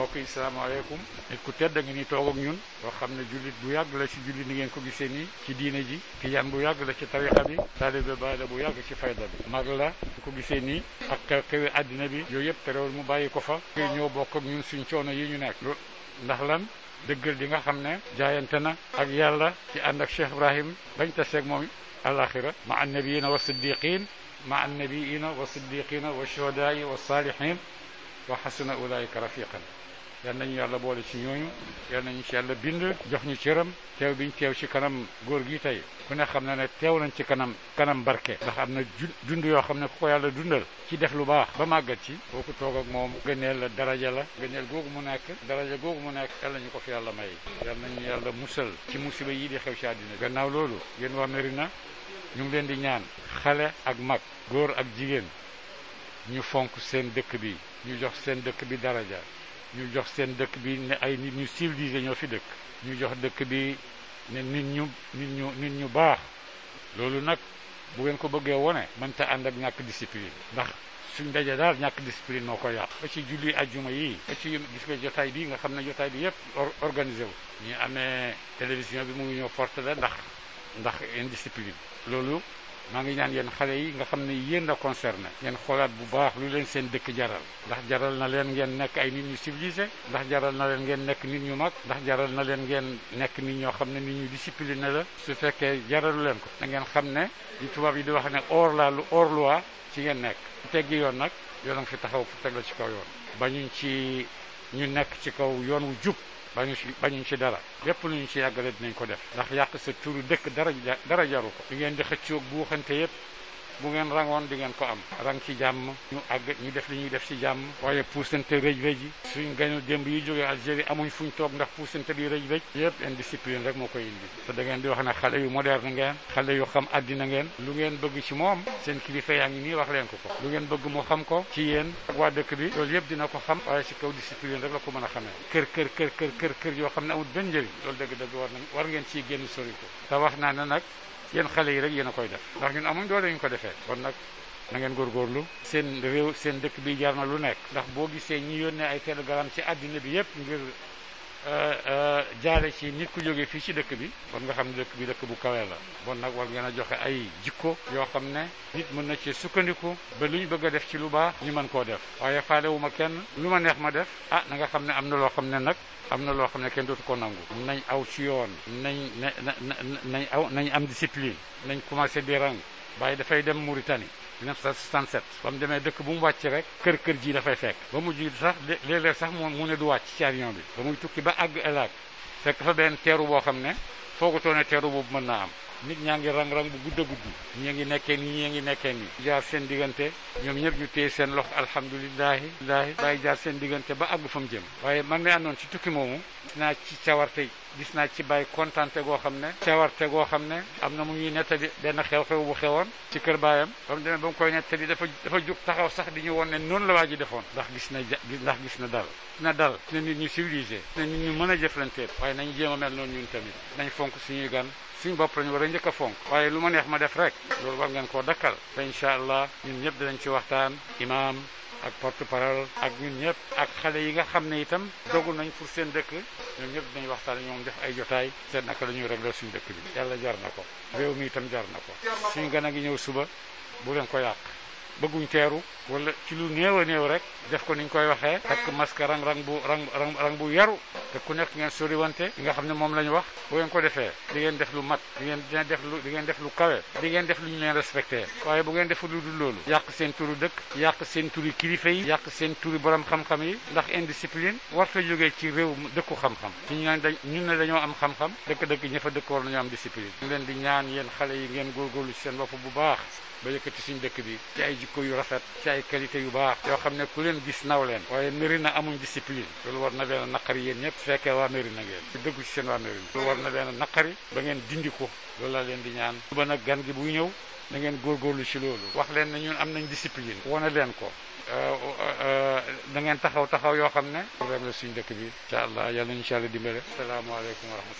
mbokk yi salaamaaleykum nit ku tedd ngi ni toog ak ñun yoo xam ne jullit bu yàgg la ci jullit ni ngeen ko gisee nii ci diine ji tijaan bu yàgg la ci tarixa bi taalibe baay la bu yàgg ci fayda bi mag la ñu ko gisee nii ak xew xewi àddina bi yooyu yëpp terewul mu bàyyi ko fa ñoo bokk ak ñun suñ coono yi ñu nekk ndax lan dëggal di nga xam ne jaayante na ak yàlla ci ànd ak Cheikh Ibrahim bañ taseeg moom alaxira ma na wa siddiqin ma annabiina wa na wa shuhadaa wa saalihin wa xasuna ulaika rafiqan yal nañu yàlla boole ci ñooñu yal nañu ci yàlla bind jox ñu cëram teew biñ teew ci kanam góor gi tey ku ne xam na ne teew nañ ci kanam kanam barke ndax am na dund yoo xam ne ku ko yàlla dundal ci def lu baax ba màggat ci boo ko toog ak moom gëneel la daraja la gëneel googu mu nekk daraja googu mu nekk yal nañu ko fi yàlla may yal yàlla musal ci musiba yi di xew ci àddina gannaaw loolu yéen waa Mérina ñu ngi leen di ñaan xale ak mag góor ak jigéen ñu fonk seen dëkk bi ñu jox seen dëkk bi daraja ñu jox seen dëkk bi ne ay nit ñu civilisé ñoo fi dëkk ñu jox dëkk bi ne nit ñu nit ñu nit ñu baax loolu nag bu ngeen ko bëggee wone mënta ànd ak ñàkk discipline ndax suñ dajee daal ñàkk discipline moo ko yàq ba ci julli juma yi ba ci gis nga jotaay bi nga xam ne jotaay bi yëpp organisé wu ñu amee télévision bi mu ngi ñëw porte la ndax ndax indiscipline loolu maa ngi ñaan yéen xale yi nga xam ne yéen la concerné ngeen xoolaat bu baax lu leen seen dëkk jaral ndax jaral na leen ngeen nekk ay nit ñu civilisé ndax jaral na leen ngeen nekk nit ñu mag ndax jaral na leen ngeen nekk nit ñoo xam ne nit ñu discipliné la su fekkee jaralu leen ko da ngeen xam ne li tubaab yi di wax ne hors la lu hors loi ci ngeen nekk teggi yoon nag yoon a fi taxaw pour teg la ci kaw yoon bañuñ ci ñu nekk ci kaw yoon wu jub bañu ci bañuñ ci dara lépp lu ñu ci yàggale dinañ ko def ndax yàq sa turu dëkk dara dara jaru ko li ngeen di xëccoog buuxante yëpp bu ngeen rangoon di ngeen ko am rang ci jàmm ñu àgg ñu def li ñuy def ci jàmm waaye puusante rëj rëj yi suñ gañu démb yi jógee Algérie amuñ fuñ toog ndax puusante di rëj rëj yëpp indiscipline rek moo ko indi te da ngeen di wax na xale yu moderne ngeen xale yu xam àddina ngeen lu ngeen bëgg ci moom seen kilifa yaa ngi nii wax leen ko ko lu ngeen bëgg mu xam ko ci yéen waa dëkk bi loolu yëpp dina ko xam waaye ci kaw discipline rek la ko mën a xamee kër kër kër kër yoo xam ne amul benn njëriñ loolu dëgg dëgg war nañ war ngeen ciy génn sori ko te yéen xale yi rek yéen a koy def ndax ñun amuñ doole ñu ko defee kon nag na góor góorgóorlu seen réew seen dëkk bi jar na lu nekk ndax boo gisee ñi yónnee ay télégramme ci àddina bi yëpp ngir Euh, euh, jaare ci nit ku jógee fii ci dëkk bi kon nga xam ne dëkk bi dëkk bu kawe la bon nag war ngeen a joxe ay jikko yoo xam ne nit mën na ci sukkandiku ba lu ñu bëgg a def ci lu baax ñu mën koo def waaye faale ma kenn lu ma neex ma def ah na nga xam ne am na loo xam ne nag am na loo xam ne kenn dootu ko nangu nañ aw ci yoon nañ nañ nañ aw nañ am discipline nañ commencé bi rang Baye dafay dem Mauritanie 1967 ba mu demee dëkk bu mu wàcc rek kër kër ji dafay fekk ba mu ji sax léeg-léeg sax moom mu ne du wàcc ci avion bi ba muy tukki ba àgg Elaak fekk fa benn teeru boo xam ne foogutoone teeru boobu mën naa am nit ñaa ngi rang-rang bu gudd a gudd ngi nekkee nii ñi ngi nekkee nii jaar seen diggante ñoom ñëpp ñu téye seen loxo alhamdulilahi lahi bàyyi jaar seen diggante ba àgg fa mu jëm waaye man mi àndoon ci moomu naa ci cawarte gis naa ci bàyyi kontante goo xam ne cawarte goo xam ne am na mu ñuy nettali benn xew-xew bu xewoon ci kër baayam ba mu demee ba mu dafa dafa jóg taxaw sax di ñu woon ne noonu la waa ji defoon ndax gis na ndax gis na dal na dal na nit ñu civilisé na nit ñu mën a jëflante waaye nañ jéem a mel noonu ñun tamit nañ fonk suñuy gan suñu bopp lañu war a njëkk a fonk waaye lu ma neex ma def rek loolu war ngeen koo dakkal te incha allah ñun ñëpp dinañ ci waxtaan imaam ak porte parole ak ñun ñëpp ak xale yi nga xam ne itam dogu nañ pour seen dëkk ñoom ñëpp dinañ waxtaan yi ñoom def ay jotaay seen naka la ñuy réglé suñu dëkk bi yàlla jar na ko réew mi itam jar na ko suñu gën a ngi ñëw suba bu leen ko yàq bëgguñ teeru wala ci lu néew a néew rek def ko niñ koy waxee takk masque rang rang bu rang rang rang bu yaru te ku nekk ngeen soriwante li nga xam ne moom la ñu wax bu ngeen ko defee di ngeen def lu mat di ngeen dina def lu di ngeen def lu kawe di ngeen def lu ñu leen respecté waaye bu ngeen def lu dul loolu yàq seen turu dëkk yàq seen turi kilifa yi yàq seen turi borom xam-xam yi ndax indiscipline warta jógee ci réew dëkku xam-xam ñun ne ñun ne dañoo am xam-xam dëkk-dëkk ña fa dëkk war nañoo am discipline ñu leen di ñaan yéen xale yi ngeen góorgóorlu ci seen bopp bu baax ba yëkkati suñu dëkk bi ci ay jikko yu rafet ci ay qualité yu baax yoo xam ne ku leen gis naw leen waaye Mérina amuñ discipline loolu war na leen a naqari yéen ñëpp fekkee waa na ngeen ci dëggu ci seen waa Mérina loolu war na leen a naqari ba ngeen dindi ko loolu laa leen di ñaan ba nag gan gi buy ñëw na ngeen góorgóorlu ci loolu wax leen na ñun am nañ discipline wane leen ko da euh, euh, ngeen taxaw taxaw yoo xam ne problème la suñ dëkk bi incha allah yàlla nañu ci yàlla dimbale salaamaaleykum